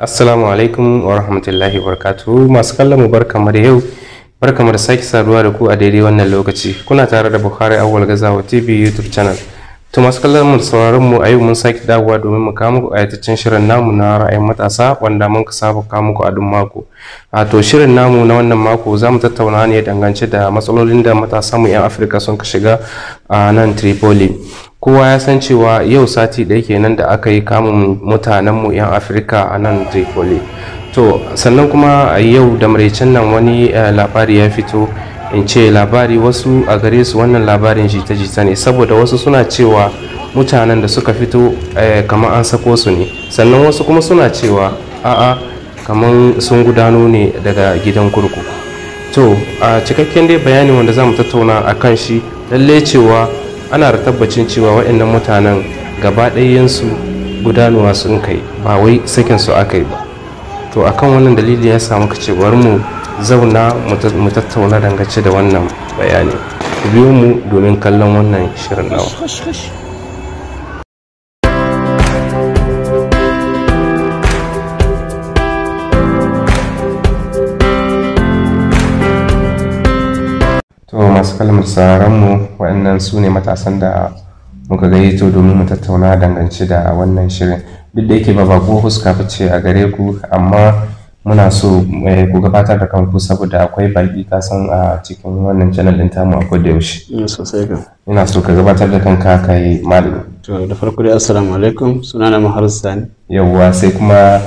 Assalamu alaikum wa rahmatullahi wa barakatuhu masu kallon mu bar da yau bar kamar sake saduwa da ku a daidai wannan lokaci kuna tare da Bukhari Awwal Gazawa TV YouTube channel to masu kallon mu sauraron mu a yau mun sake dawowa domin mu kawo muku ayatacin shirin namu na ra'ayin matasa wanda mun ka saba kawo muku a duk mako a to shirin namu na wannan mako za mu tattauna ne dangance da matsalolin da matasa mu 'yan Afirka sun ka shiga a nan Tripoli kowa ya san cewa yau sati ɗaya kenan da aka yi kamun mutanenmu 'yan afirka a nan tripoli to sannan kuma a yau da maraicen nan wani eh, labari ya fito in ce labari wasu a gare su wannan labarin jita-jita ne saboda wasu suna cewa mutanen da suka fito eh, kamar an sako su ne sannan wasu kuma suna cewa a'a kamar sun gudano ne daga gidan kurkuku to a cikakken dai bayani wanda za mu tattauna a kan shi lallai cewa ana da tabbacin cewa waɗannan mutanen gaba ɗayansu gudanuwa sun kai ba wai sakin su aka yi ba to akan wannan dalili ya samu ka ce mu zauna mu tattauna dangace da wannan bayani ku biyo mu domin kallon wannan shirin nawa masu kalmar sauraron mu waɗannan su ne matasan da muka gayyato domin mu tattauna dangance da wannan shirin duk da yake ba bako huska fice a gare ku amma muna so eh, ku gabatar da kanku saboda akwai baki kasan a cikin wannan channel din tamu a koda yaushe mm, ina so ka gabatar da kanka kai malami to da farko dai assalamu alaikum sunana mahar sani yawwa sai kuma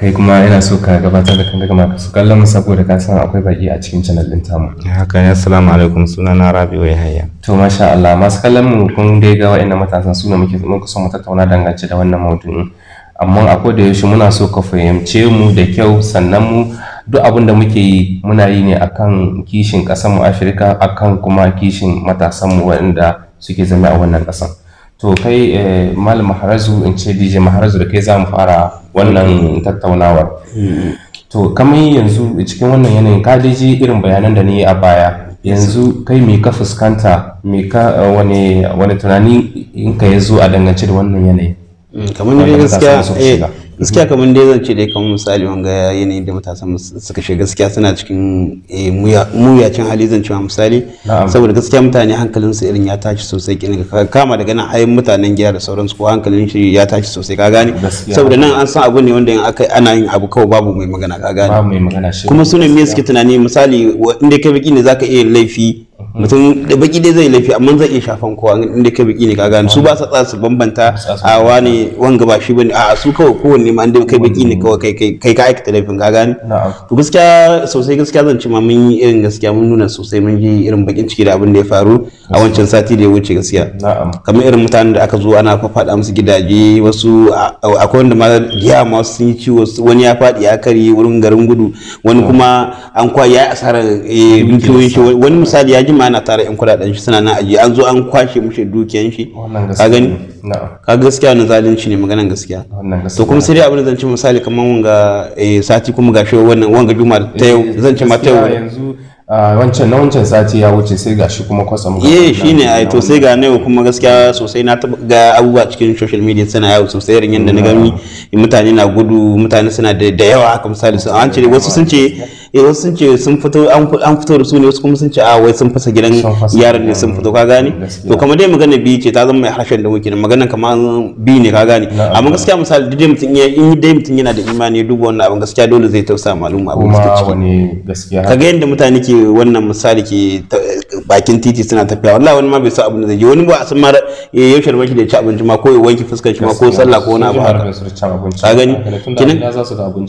kai kuma ina so ka gabatar da kanka su kallon mu saboda ka san akwai baki a cikin channel din tamu haka ne assalamu alaikum suna na wai hayya to masha Allah masu kallon mu kun dai ga wa'annan matasan suna muke muka son mu tattauna dangance da wannan maudu'in amma a da yaushe muna so ka fahimce mu da kyau sannan mu duk abin da muke yi muna yi ne akan kishin kasar mu Afirka akan kuma kishin matasan mu waɗanda suke zama a wannan ƙasar to kai eh, mal maharazu in ce dj maharazu da kai za mu fara wannan tattaunawar mm-hmm. to kamar yanzu cikin wannan yanayin ka ji irin bayanan da ni a baya yanzu kai me ka fuskanta me ka eh, wani tunani in ka yazo a dangance da wannan yanayi mm, kamar ne gaskiya gaskiya kamar dai zan ce dai kamar misali wanga yanayin da matasa suka shiga gaskiya suna cikin eh, muyacin hali zan cewa misali saboda gaskiya mutane hankalin su irin ya tashi sosai kin kama daga nan ayin mutanen gida da sauransu ko hankalin shi ya tashi sosai ka gane saboda nan an san abu ne wanda in aka ana yin abu kawai babu mai magana ka gane kuma sunan me suke tunani misali inda kai baki ne zaka iya laifi mutum da baki dai zai lafi amma zai iya shafan kowa inda kai baki ne ka gane su ba sa su bambanta ah, a wani wanga ba shi bane a su kawai kowanne ma inda kai baki ne kawai kai kai ka aikata laifin ka gane to gaskiya sosai gaskiya zan ci ma mun yi irin gaskiya mun nuna sosai mun yi irin bakin ciki da abin da ya faru a wancan sati da ya wuce gaskiya kamar irin mutanen da aka zo ana faɗa musu gidaje wasu akwai wanda ma giya ma sun yi ciwo wani ya faɗi ya kare wurin garin gudu wani kuma an kwa ya asarar dukiyoyin eh, shi wani misali ya ji ma yana tara yan kudaden shi suna nan ajiye an zo an kwashe mishi dukiyan shi ka gani ka gaskiya wannan zalunci ne maganan gaskiya to kuma sai dai abin da zan ci misali kamar wanga eh, sati kuma gashi wannan wanga juma ta yau eh, zan ci ma ta yau yanzu wancan na wancan sati ya wuce sai gashi kuma kwatsam eh shine ai to sai ga nayo kuma gaskiya sosai na taba ga abubuwa cikin social media suna yawo sosai irin yanda na gani mutane na gudu mutane suna da yawa haka misali an ce wasu sun ce eh wasu sun ce sun fito an fito da su ne wasu kuma sun ce a ah, wai sun fasa gidan yaran ne sun fito ka gani to kamar dai magana bi ce ta zama mai harshen da wuki maganan kamar bi ne ka gani amma gaskiya misali dai mutum ya in dai mutum yana da imani ya duba wannan abin gaskiya dole zai tausa malum abin gaskiya ga yadda mutane ke wannan misali ke eh, bakin titi suna tafiya wallahi wani ma bai sa abin da zai wani ba a san ma eh, yaushe ruwan shi da ci abinci ma ko ya wanki fuskar shi ma ko sallah ko wani abu haka ka gani kinan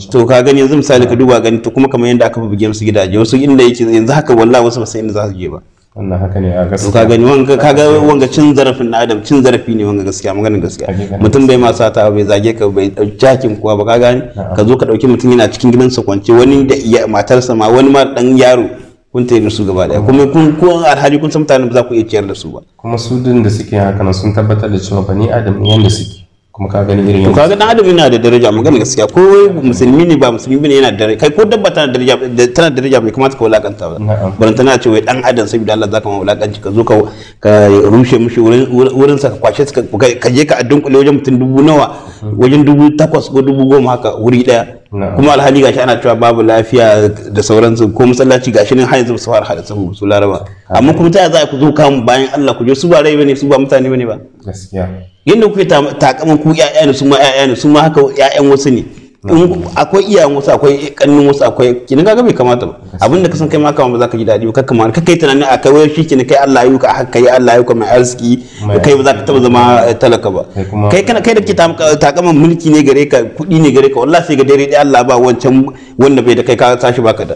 to ka gani yanzu misali ka duba gani to kuma kamar yadda aka buge musu gidaje wasu inda yake yanzu haka wallahi wasu ba san inda za su je ba wannan haka ne a gaskiya ka gani wanga ga wanga cin zarafin na adam cin zarafi ne wanga gaskiya maganin gaskiya mutum bai ma sata bai zage ka bai jakin kuwa ba ka gani ka zo ka dauki mutum yana cikin gidansa kwance wani da matarsa ma wani ma dan yaro kun tare su gaba daya kuma kun kun alhaji kun san mutanen ba za ku iya ciyar da su ba kuma su din da suke haka nan sun tabbatar da cewa bani adam yanda suke kuma ka gani irin yanda kaga dan adam yana da daraja magana gaskiya ko musulmi ne ba musulmi bane yana da daraja kai ko dabba tana da daraja tana da daraja bai kamata ka wulakanta ba bari tana ce wai dan adam saboda Allah zaka ma wulakanci ka zo ka ka rushe mushi wurin wurin sa ka kwashe ka je ka dunkule wajen mutum dubu nawa mm. wajen dubu takwas ko dubu goma haka wuri daya kuma alhali gashi ana cewa babu lafiya da sauransu ko masallaci gashi nan ne hanyar su fara hada su laraba amma kuma ta za ku zo kamun bayan Allah ku je su ba rai bane su ba mutane bane ba gaskiya yanda kuke takaman ku ƴaƴa ne su ma ƴaƴa ne su ma haka ƴaƴan wasu ne akwai iyayen wasu akwai kannin wasu akwai kinin kaga bai kamata ba abinda ka san kai ma kama ba za ka ji daɗi ba kakka ma kai tunanin a kai wai shi kinin kai Allah yi ka haka yi Allah yi ka mai arziki kai ba za ka taba zama eh, talaka ba kai kana kai da ke takaman mulki ne gare ka kuɗi ne gare ka wallahi sai ga dare ɗaya Allah ba wancan wanda bai da kai ka tashi baka da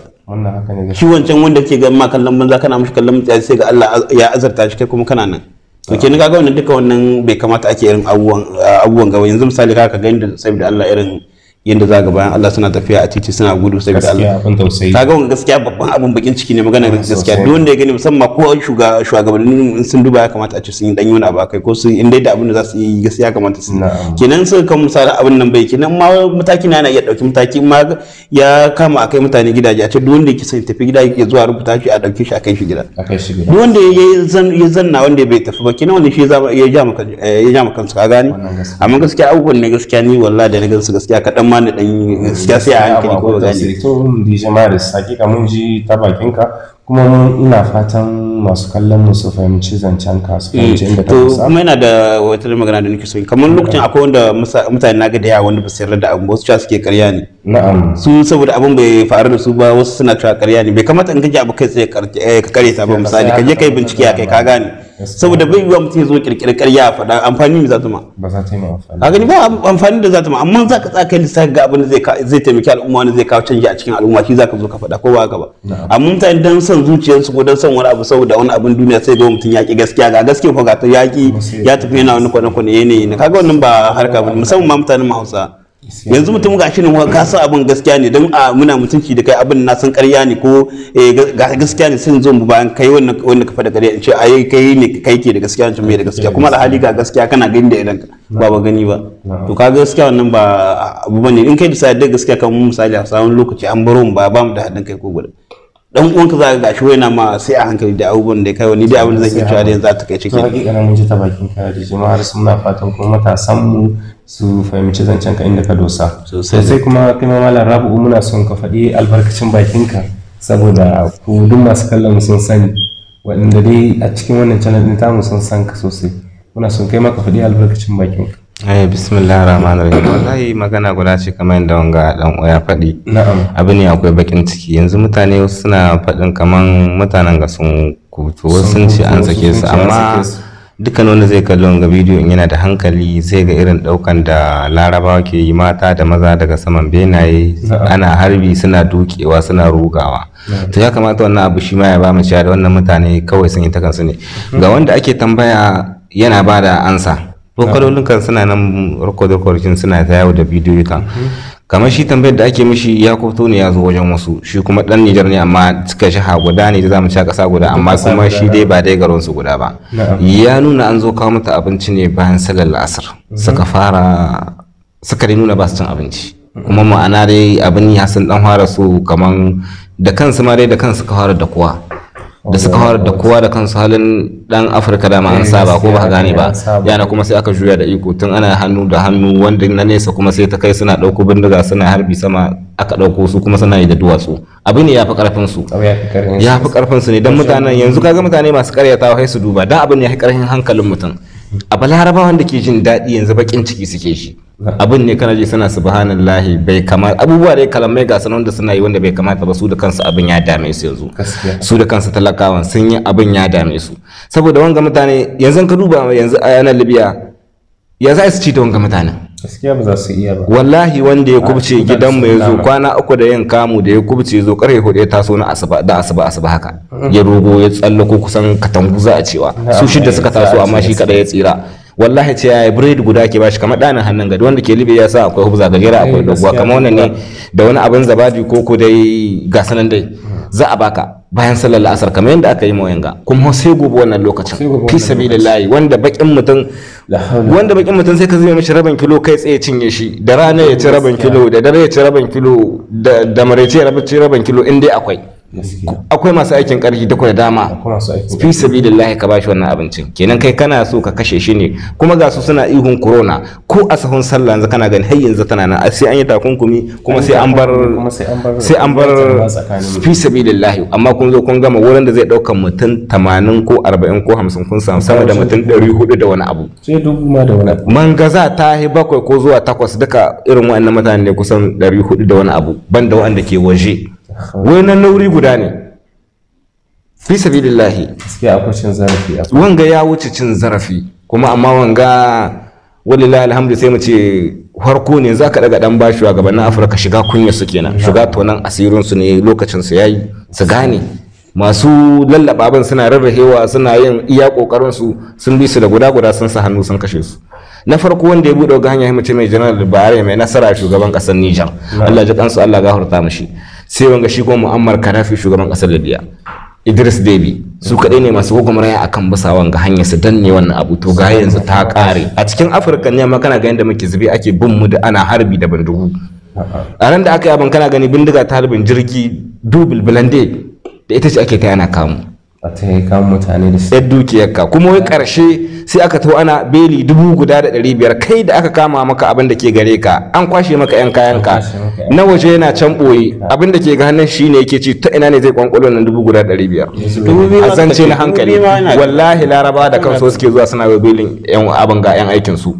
shi wancan wanda ke ga ma kallon banza kana mishi kallon mutsi sai ga Allah ya azarta shi kai kuma kana nan to ke ni kaga wannan duka wannan bai kamata ake irin abubuwan eh, abubuwan gaba yanzu misali ka sai da Allah irin yadda za ga bayan Allah suna tafiya a titi suna gudu saboda Allah ta ga wani gaskiya babban abin bakin ciki ne magana gaskiya don wanda ya gani musamman ko shugabannin sun duba ya kamata a ce sun yi dan wani abu akai ko su in dai da abin da za su yi gaskiya kamata su kenan sun kan misali abin nan bai kenan ma mataki na iya dauki mataki ma ya kama akai mutane gidaje a ce duk wanda yake son tafi gida yake zuwa rubuta shi a dauke shi kai shi gida duk wanda ya zanna wanda bai tafi ba kenan wanda shi ya ja maka ya ja maka kansa ka gane amma gaskiya abubuwan ne gaskiya ni wallahi da na gansu gaskiya kadan ma na dan siyasa ya hankali ko ba gane to DJ Maris hakika mun ji ta bakin ka kuma mun ina fatan masu kallon mu su fahimci zancen ka su eh, fahimci inda ka to kuma yana da wata magana da nake so kamar lokacin akwai wanda mutane naga da yawa wanda ba su yarda da abu wasu cewa suke karya ne na'am su saboda abun bai faru da su ba wasu suna cewa karya ne bai kamata in gaji abu kai tsaye ka eh, kare ta ba misali ka je kai bincike a kai ka gane saboda bai yiwa mutum ya zo kirkiri karya a faɗa amfani mai zata ma ba za ta yi amfani a gani ba amfani da zata ma amma za ka tsaka lissafi ga abin da zai taimaki al'umma wani zai kawo canji a cikin al'umma shi za ka zo ka faɗa ko ba ka ba amma mutane dan son zuciyarsu ko dan son wani abu saboda wani abin duniya sai ga mutum yaƙi gaskiya ga gaskiya ko ga ta yaƙi ya tafi yana wani kwane-kwane yanayi kaga wannan ba harka ba musamman ma mutanen hausa yanzu mutum ga shi ne ka san abin gaskiya ne don a muna mutunci da kai abin na san karya ne ko eh, gaskiya ne sun zon mu bayan kai wanda ka faɗa karya in ce ai kai ne kai ke da gaskiya in mai da gaskiya kuma alhali ga gaskiya kana gani da idan ba ba gani ba to ka gaskiya wannan ba abu bane in kai bisa da gaskiya kan misali a samun lokaci an baro mu ba ba mu da haɗin kai ko gudu dan uwan ka zaka gashi waina ma sai a hankali da abubuwan da kai wani da abin da zan yi cewa da yanzu za ta kai ciki to hakika mun ji ta bakin ka da jama'ar suna fatan kuma matasan mu su fahimci zancen ka inda ka dosa sosai kuma kai ma malam rabu'u muna son ka faɗi albarkacin bakinka saboda ku duk masu kallon sun sani waɗanda dai a cikin wannan channel ɗin tamu sun san ka sosai muna son kai maka faɗi albarkacin bakinka ai bismillah rahman rahim wallahi magana guda ce kamar yadda wanga dan ya faɗi na'am abu ne akwai bakin ciki yanzu mutane suna faɗin kaman mutanen ga sun kuto sun ce an sake su amma dukkan wanda zai kalli wanga bidiyo in yana da hankali zai ga irin daukan da larabawa ke yi mata da maza daga saman benaye ana harbi suna dukewa suna rugawa to ya kamata wannan abu shi ma ya ba mu cewa da wannan mutane kawai sun yi ta kansu ne hmm. ga wanda ake tambaya yana ba da ansa kan suna nan rikodin suna ta yawo da bidiyo kan hmm. kamar shi tambayar da ake mishi ya kofto ne ya zo wajen wasu shi kuma dan Nijar ne amma suka shaha guda ne da zamu ci kasa guda amma kuma shi dai ba dai garin su guda ba ya nuna an zo kawo mata abinci ne bayan sallar asar mhm. suka fara suka nuna ba su cin abinci kuma ma'ana dai abin ya san dan fara su kaman da kansu ma dai da kansu ka fara da kowa da suka horar da kowa da kansu halin dan afirka da an eh, saba ko ba gane ba yana kuma sai aka juya da iko tun ana hannu da hannu wanda na nesa kuma sai ta kai suna dauko bindiga suna harbi sama aka dauko su kuma suna yi da duwatsu abin ne ya fi karfin su ya fi karfin su ne dan mutanen yanzu kaga mutane masu ta sai su duba dan abin ne fi karfin hankalin mutum a balarabawan da ke jin daɗi yanzu bakin ciki suke shi abin ne kana ji suna subhanallahi bai kamata abubuwa dai kalamai ga sanan da suna yi wanda bai kamata ba su da kansu abin ya dame su yanzu su da kansu talakawan sun yi abin ya dame su saboda wanga mutane yanzu ka duba yanzu a yanar libya ya za su ci ta wanga mutane. gaskiya ba za su iya ba wallahi wanda ya kubce mu ya zo kwana uku da yin kamu da ya kubce zo karfe hudu ya taso na asuba da asuba asuba haka mm. ya rogo ya tsallako kusan katanguza a cewa su shidda suka taso amma shi kada ya tsira wallahi ce ya bread guda ke bashi kamar ɗanin hannun gado wanda ke libe ya sa akwai hubza gajera akwai eh, dogwa kamar wannan ne da wani abin zabadi ko ko dai ga sanan dai hmm. za a baka bayan sallar la'asar kamar yadda aka yi mawayanga kuma sai gobe wannan lokacin fi sabilillahi wanda bakin mutum wanda bakin mutum sai ka zai mishi rabin kilo kai tsaye cinye shi da rana ya ci rabin kilo da dare ya ci rabin kilo da maraice ya ci rabin kilo in dai akwai akwai masu aikin ƙarfi duk da dama fi sabilillahi ka bashi wannan abincin kenan kai kana so ka kashe shi ne kuma ga su suna ihun corona ko a sahun sallah yanzu kana gani har yanzu tana nan sai an yi takunkumi kuma sai an bar sai an bar fi sabilillahi amma kun zo kun gama wurin da zai ɗauka mutum 80 ko 40 ko 50 kun samu sama da mutum 400 da wani abu sai ma da wani abu mangaza ta yi bakwai ko zuwa takwas duka irin wa'annan mutane ne kusan 400 da wani abu banda waɗanda ke waje wai nan na guda ne fi sabilillahi gaskiya akwai cin zarafi wanga ya wuce cin zarafi kuma amma wanga walillahi alhamdu sai mu ce farko ne za ka daga dan bashi wa gabanin afirka shiga kunya su kenan shiga tonan asirin su ne lokacin su yayi su gane masu lallaba ban suna rarrahewa suna yin iya kokarin su sun bi su da guda guda sun sa hannu sun kashe su na farko wanda ya buɗe ga hanya mace mai janar da mai nasara shugaban ƙasar Nijar Allah ji kansu Allah gafarta mishi sai wanga shi kuma mu'ammar karafi shugaban kasar libya idris debi su kaɗai ne masu a akan basa wanga hanya su danne wannan abu to ga yanzu ta ƙare a cikin afirka ne ma kana ganin da muke zube ake bin mu da ana harbi da bindigu a nan da aka yi abin kana gani bindiga ta harbin jirgi dubil blande da ita ce ake ta yana kamu a taimaka mutane da sayar dukiyarka kuma wai karshe sai aka to ana beli dubu guda da ɗari biyar kai da aka kama maka abin da ke gare ka an kwashe maka yan kayan ka na waje yana can boye abin da ke ga hannun shi ne yake ci ta ina ne zai kwankwalo nan dubu guda ɗari biyar a zance na hankali wallahi laraba da kansu suke zuwa suna belin yan abin ga yan aikinsu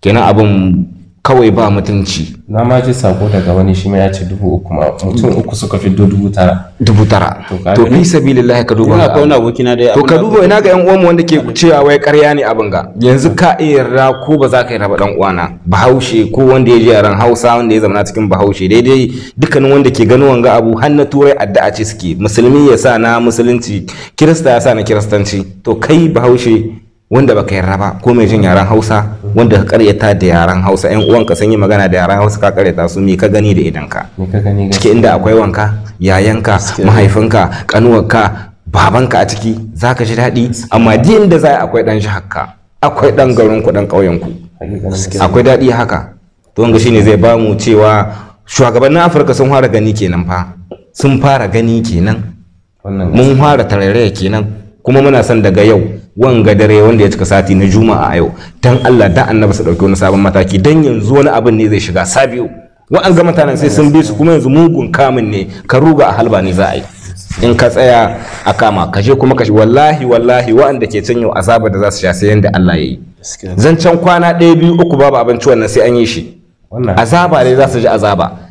kenan abin kawai ba mutunci na ma ji sako daga wani shi ya ce dubu uku ma mutum uku suka fi dubu tara dubu tara to fi sabilillahi ka duba ina kauna abokina da to ka duba ina ga yan uwanmu wanda ke cewa wai ƙarya ne abin ga yanzu ka iya yarda ko ba za ka yarda ba dan uwana bahaushe ko wanda ya ji yaran hausa wanda ya zama cikin bahaushe daidai dukkanin wanda ke ganin wanga abu har na turai addu'a ce suke musulmi ya sa na musulunci kirista ya sa na kiristanci to kai bahaushe wanda baka yarda ba ko mai jin yaran hausa wanda ka karyata da yaran hausa yan uwan ka sun yi magana da yaran hausa ka karyata su me ka gani da idan ka ciki inda akwai wanka yayanka mahaifinka kanuwarka babanka a ciki Za ka ji daɗi amma duk inda za akwai ɗan jihakka akwai ɗan garin ku ɗan ƙauyen ku akwai daɗi haka to wanga ne zai ba mu cewa shugabannin afirka sun fara gani kenan fa sun fara gani kenan mun fara tarairaya kenan kuma muna son daga yau wanga dare wanda ya cika sati na juma'a a yau dan Allah da annabi su dauki wani sabon mataki dan yanzu wani abin ne zai shiga sabiyo wa'an ga mutanen sai sun bi su kuma yanzu mugun kamun ne ka ruga a halba ne za a yi in ka tsaya a kama ka je kuma ka shi wallahi wallahi wa'anda ke can yau azaba da za su sha sai yanda Allah ya yi zancen kwana ɗaya biyu uku babu abinci wannan sai an yi shi azaba ne za su ji azaba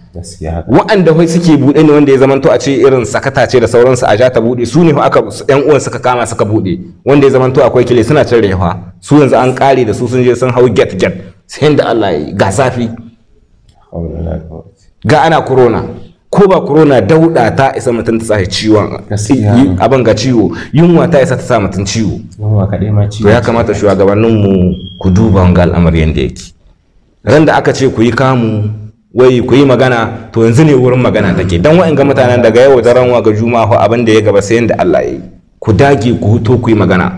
wa'anda wai suke buɗe ne wanda ya zamanto a ce irin sakata ce da sauransu a ja ta buɗe su ne aka yan uwan suka kama suka buɗe wanda ya zamanto akwai kile suna cin rewa su yanzu an ƙare da su sun je sun hau get get sai da Allah ya ga safi ga ana corona ko ba corona dauda ta isa mutum ta sashi ciwon abin ga ciwo yunwa ta isa ta sa mutum ciwo to ya kamata shugabanninmu ku duba wanga al'amari yadda yake ran da aka ce ku yi kamu wai ku yi magana to yanzu ne wurin magana take dan wa'in ga mutanen daga yau da ranwa ga juma'a abin da ya gaba sai yanda Allah ya yi ku dage ku huto ku yi magana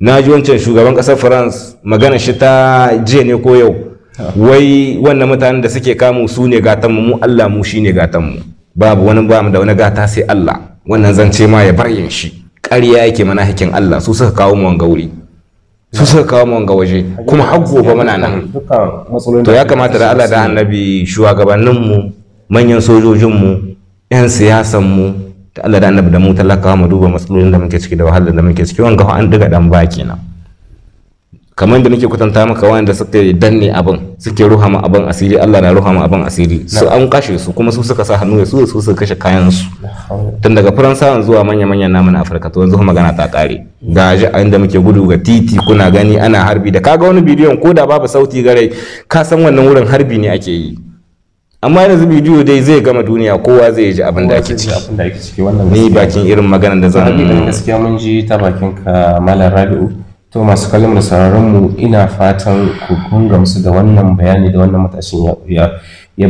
na ji wancan shugaban kasar France magana shi ta jiya ne ko yau wai wannan mutanen da suke kamu su ne gatan mu Allah mu shine gatan mu babu wani ba mu da wani gata sai Allah wannan zance ma ya bar yin shi ƙarya yake mana hakin Allah su suka kawo mu wanga wuri su suka kawo mu ga waje kuma har gobe muna nan to ya kamata da Allah da annabi shugabannin mu manyan sojojin mu yan siyasan mu da Allah da annabi da mu talakawa mu duba matsalolin da muke ciki da wahalar da muke ciki wanga an diga dan baki na kamar da nake kwatanta maka wanda suka danne abin suke ma abin asiri Allah na ruhama abin asiri su an kashe su kuma su suka sa hannu su su suka kashe kayan su tun daga faransawan zuwa manya manyan namu na afirka to yanzu magana ta kare ga ji inda muke gudu ga titi kuna gani ana harbi da kaga wani bidiyon ko da babu sauti gare ka san wannan wurin harbi ne ake yi amma yanzu bidiyo dai zai gama duniya kowa zai ji abin da ake ciki ni bakin irin maganar da zan gaskiya mun ji ta bakin ka malam rabi'u to masu kalmar sauraron mu ina fatan ku kun gamsu da wannan bayani da wannan matashin ya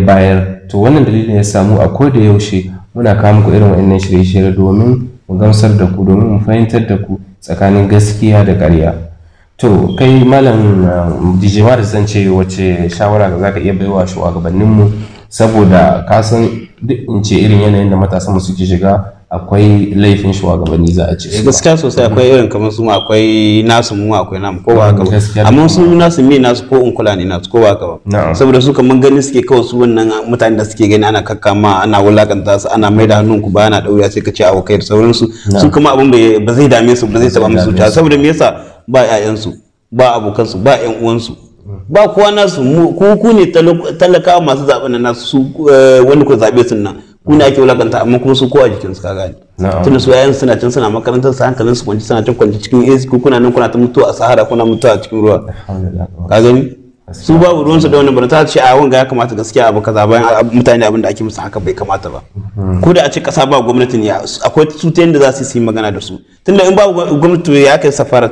bayar to wannan dalilin ya samu a ko da yaushe muna kawo muku irin wa'annan shirye-shirye domin mu gamsar da ku domin mu fahimtar da ku tsakanin gaskiya da ƙarya to kai malam um, dijimar zan ce wace shawara za zaka iya baiwa shugabanninmu saboda ka san duk in ce irin yanayin da matasan mu suke shiga akwai laifin shugabanni za a ce eh, gaskiya sosai akwai irin kamar su akwai nasu mu akwai namu ko ba gaba amma su nasu me nasu ko in kula ne nasu ko ba gaba saboda su kamar gani suke kawai su wannan mutane da suke gani ana kakkama ana wulakanta su ana mai da hannun ku ba ana dauya sai ka ce abu kai da sauransu su kuma abin ba zai dame su ba zai taba musu ta saboda me yasa ba ƴaƴansu ba abokansu ba ƴan uwansu ba kowa nasu ku ku ne talaka masu zaɓen nasu su eh, wani ku zaɓe sun nan Kuna ne ake wulakanta amma kuma su kowa jikinsu ka gani tunda su yayan suna can suna makarantar su hankalin su kwanci suna can kwanci cikin AC kuna nan kuna ta mutuwa a sahara kuna mutuwa a cikin ruwa ka gani su babu ruwansu da wannan ta ce a wanga ya kamata gaskiya abu kaza bayan mutane abin da ake musu haka bai kamata ba hmm. ko da a ce kasa ba gwamnati ne akwai su ta yadda za su yi magana da su tunda in babu gwamnati ya kai safara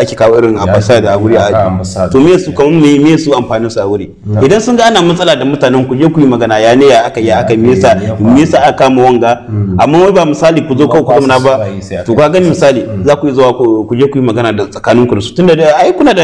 ake kawo irin abasa da a wuri to me su kamar me me su amfanin su a wuri hmm. idan sun ga ana matsala da mutanen ku je ku yi magana ya ne ya aka ya aka me yasa me yasa aka kama wanga hmm. amma wai ba misali ku zo kawai ku zama ba to ka gani misali za ku yi zuwa ku je ku yi magana da tsakanin ku da su tunda ai kuna da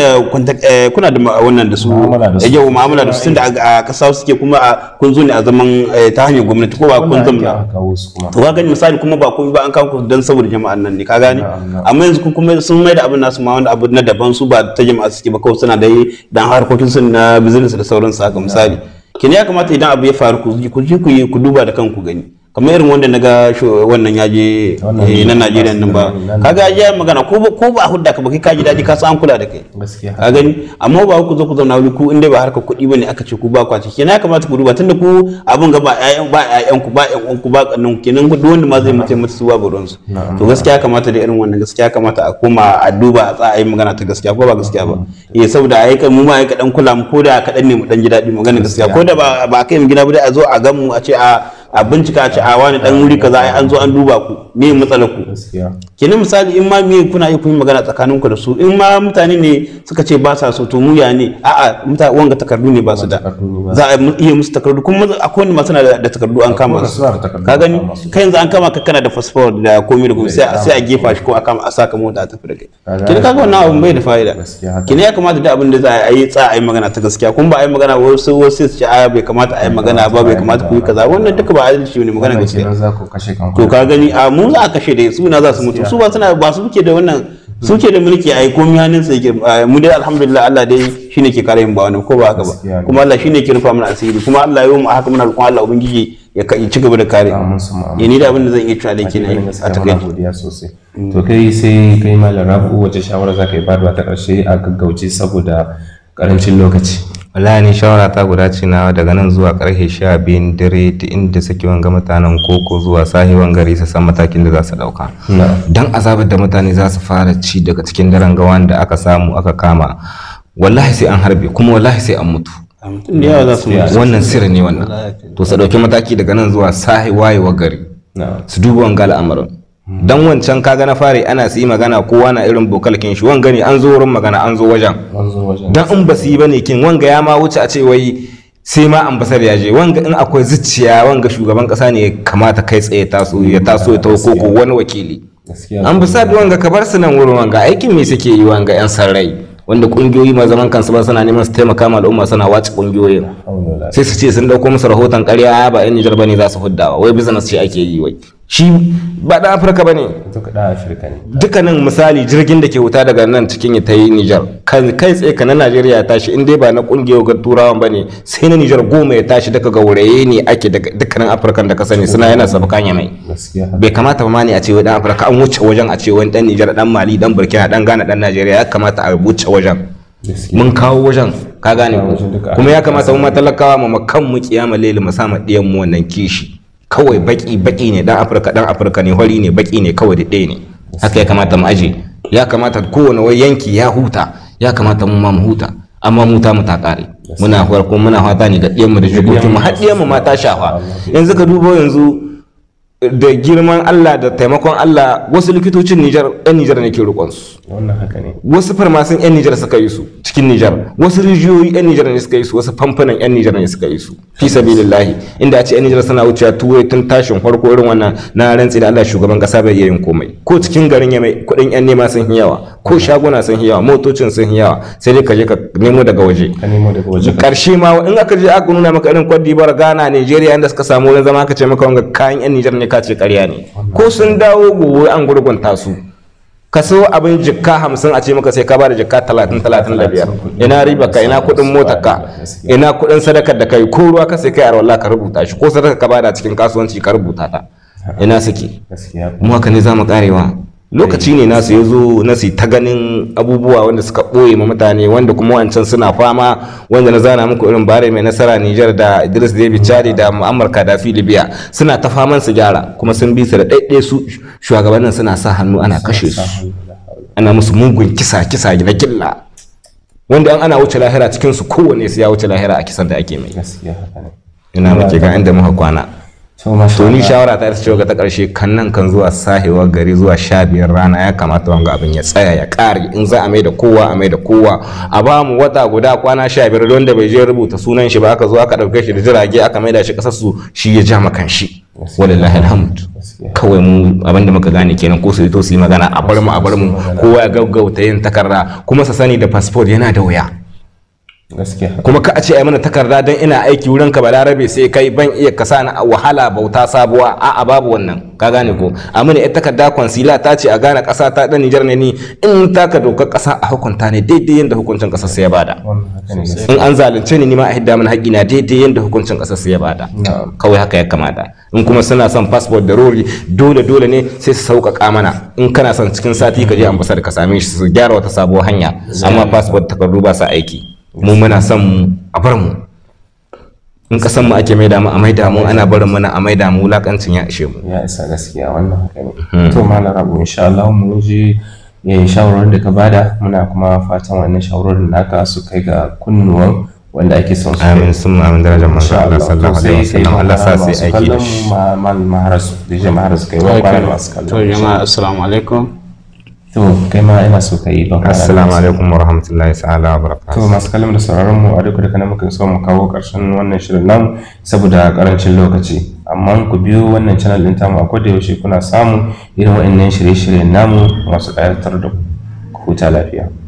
eh, kuna da wannan da su yau mu'amala da su da a kasa suke kuma a kun zo ne a zaman eh, ta hanyar gwamnati ko ba kun zama to ka gani misali kuma ba kun ba an kawo don dan saboda jama'an nan ne ka gane amma yanzu kuma sun mai da abin nasu ma wanda abu na daban su ba ta jama'a suke ba kawai suna da dan harkokin su na business da sauran haka misali kin ya kamata idan abu ya faru ku je ku duba da kanku gani kamar irin wanda naga wannan ya je eh, na Najeriya nan ba kaga ya magana ko ko ba hudda ka ba kai ji daji ka san kula da kai ka gani amma ba ku zo ku zauna wuri ku inda ba harka kuɗi bane aka ce ku ba kwace kenan ya kamata ku duba tunda ku abun ga ba ƴaƴan ba ƴaƴan ku ba ƴan ku ba kannan kenan duk wanda ma zai mutu mutu su ba buron su to gaskiya kamata da irin wannan gaskiya kamata a koma a duba a tsaya yi magana ta gaskiya ko ba gaskiya ba eh saboda ai kan mu ma ai dan kula mu ko da dan ne mu dan ji daɗi magana gaskiya ko da ba ba kai mu gida ba dai a zo a gan mu a ce a a bincika a ce a wani dan wuri kaza ai an zo an duba ku me matsala ku kenan misali in ma me kuna yi kun magana tsakanin ku da su in ma mutane ne suka ce ba sa so to mu ya ne a'a mutane wanga takardu ne ba su da za a iya musu takardu kuma akwai wanda masu da takardu an kama su ka gani kai yanzu an kama ka kana da passport da komai da komai sai a gefa shi ko a kama a saka mota a tafi da kai kenan kaga wannan abun bai da fa'ida kenan ya kamata da abin da za a yi tsa a yi magana ta gaskiya kun ba a yi magana wasu wasu su ce a bai kamata a yi magana ba bai kamata ku yi kaza wannan duka ba ba adalci ne magana gaske to ka gani a mu za a kashe da su na za su mutu su ba suna ba su suke da wannan suke da mulki ai komai hannun su yake mu dai alhamdulillah Allah dai shine ke kare mu ba wani ko ba haka ba kuma Allah shine ke rufa mana asiri kuma Allah yau mu haka muna roƙon Allah ubangiji ya ka ci gaba da kare ya ni da abin da zan iya cewa da ke a takaice godiya sosai mm. to kai sai kai malam rabu wace shawara zaka yi ba da ta karshe a gaggauce saboda karancin lokaci wallahi ni shawara ta guda ce na daga nan zuwa karfe sha biyun dare ta inda suke wanga mutanen koko zuwa sahiwan gari su san matakin da za su dauka don azabar da mutane za su fara ci daga cikin daren gawan da aka samu aka kama wallahi sai an harbe kuma wallahi sai an mutu wannan sirri ne wannan to su dauki mataki daga nan zuwa sahiwayewa gari su duba wanga al'amarin dan wancan kaga na fare ana su yi magana kowa na irin bokalkin shi wanga ne an zo wurin magana an zo wajen dan in ba su yi bane kin wanga ya ma wuce a ce wai sai ma ambasar ya je wanga in akwai zuciya wanga shugaban kasa ne kamata kai tsaye taso ya taso ya tawo koko wani wakili ambasar wanga ka bar su nan wurin wanga aikin me suke yi wanga yan sarrai wanda kungiyoyi ma zaman kansu ba suna neman su taimaka ma al'umma suna wace kungiyoyin sai su ce sun dauko musu rahoton ƙarya ba yan Nijar bane za su huddawa wai business ce ake yi wai shi ba da afirka ba ne dukkanin misali jirgin da ke wuta daga nan cikin ya ta yi nijar kai tsaye ka na najeriya ya tashi in dai ba na kungiyar turawan ba ne sai na nijar goma ya tashi daga gauraye ne ake dukkanin afirkan da ka sani suna yana sabakan ya mai bai kamata ba ma ne a ce wai dan afirka an wuce wajen a ce wani dan nijar dan mali dan burkina dan ghana dan najeriya ya kamata a wuce wajen mun kawo wajen ka gane kuma ya kamata mu matalakawa mu kan mu kiyama lele mu sa mu diyan mu wannan kishi kawai baki baki ne dan afirka dan afirka ne hori ne baki ne kawai da ɗaya ne haka ya kamata mu aje ya kamata kowane wai yanki ya huta ya kamata mu ma mu huta amma mu ta mu ta kare muna farko muna fata ne ga ɗiyan mu da jikokin mu har mu ma ta shafa yanzu ka duba yanzu da girman Allah da taimakon Allah wasu likitocin Nijar yan Nijar ne ke roƙon su wannan haka ne wasu farmasin yan Nijar suka yi su cikin Nijar wasu rijiyoyi yan Nijar ne suka yi su wasu famfunan yan Nijar ne suka yi su fi sabilillahi inda a ce yan Nijar suna wucewa tuwai tun tashin farko irin wannan na rantsi da Allah shugaban kasa bai iya yin komai ko cikin garin ya mai kuɗin yan nema sun yawa ko shaguna sun yawa motocin sun yawa sai dai ka je ka nemo daga waje ka nemo daga waje karshe ma in aka je aka nuna maka irin Cote d'Ivoire Ghana Nigeria inda suka samu wurin zama aka ce maka wanga kayan yan Nijar ne ka ce ƙarya ne ko sun dawo gobe an gurgunta su ka so abin jikka hamsin a ce maka sai ka ba da jikka talatin talatin da biyar ina riba ka ina kuɗin mota ka ina kuɗin sadakar da kai ko ruwa ka sai kai arwallah ka rubuta shi ko sadaka ka ba da cikin kasuwanci ka rubuta ta ina suke mu haka ne za mu karewa lokaci ne nasu ya zo na su ta ganin abubuwa wanda suka ɓoye ma mutane wanda kuma wancan suna fama wanda na zana muku irin bare mai nasara Nijar da Idris Debi Chadi da Muammar kadafi Libya suna ta faman su gyara kuma sun bi su da ɗaiɗe su shugabannin suna sa hannu ana kashe su ana musu mugun kisa kisa gina killa wanda an ana wuce lahira cikin su kowanne su ya wuce lahira a kisan da ake mai ina muke ga inda muka kwana Tuni shawara ta ce ga ta karshe kan nan kan zuwa sahewar gari zuwa sha biyar rana ya kamata wanga abin ya tsaya ya kare in za a mai da kowa a mai da kowa a ba mu wata guda kwana sha biyar don da bai je rubuta sunan shi ba aka zo aka ɗauke shi da jirage aka mai da shi ƙasar su shi ya ja makan shi walillahi alhamd kawai mu abin muka gane kenan ko su to su yi magana a bar mu a bar mu kowa ya gaggauta yin takarda kuma sa sani da passport yana da wuya kuma ka a ce ai mana takarda don ina aiki wurin ka balarabe sai kai ban iya kasa na wahala bauta sabuwa a babu wannan ka gane ko amma ne takarda kwansila ta ce a gane kasa ta dan Nijar ne ni in ta ka doka kasa a hukunta ne daidai yanda hukuncin kasa sai ya bada in an zalunce ni ma a hidda mana haƙi na daidai yanda hukuncin kasa sai ya bada kawai haka ya kamata in kuma suna son passport da rori dole dole ne sai su sauƙaƙa mana in kana son cikin sati ka je ambasar ka same shi su gyara wata sabuwar hanya amma passport takardu ba sa aiki mu muna son a bar mu in kasan mu ake maida mu a maida mu ana barin muna a maida mu wulakancin ya ishe mu ya isa gaskiya wannan haka ne hmm. to malam rabu insha Allah mu ji yayin eh, shawarar da ka bada muna kuma fatan wannan da naka su kai ga kunnuwan wanda ake son su amin sun amin darajar manzo Allah sallallahu alaihi wasallam Allah sa sai aiki da shi malam maharasu da jama'ar su kai wa masu kallon to jama'a assalamu alaikum to kai ma ina so ka yi ban assalamu alaikum wa rahmatullahi ta'ala wa barakatuh to masu kallon da sauraron mu a duk da kana muka so mu kawo karshen wannan shirin namu saboda karancin lokaci amma ku biyo wannan channel din tamu a koda yaushe kuna samu irin waɗannan shirye-shiryen namu masu ƙayatar da ku huta lafiya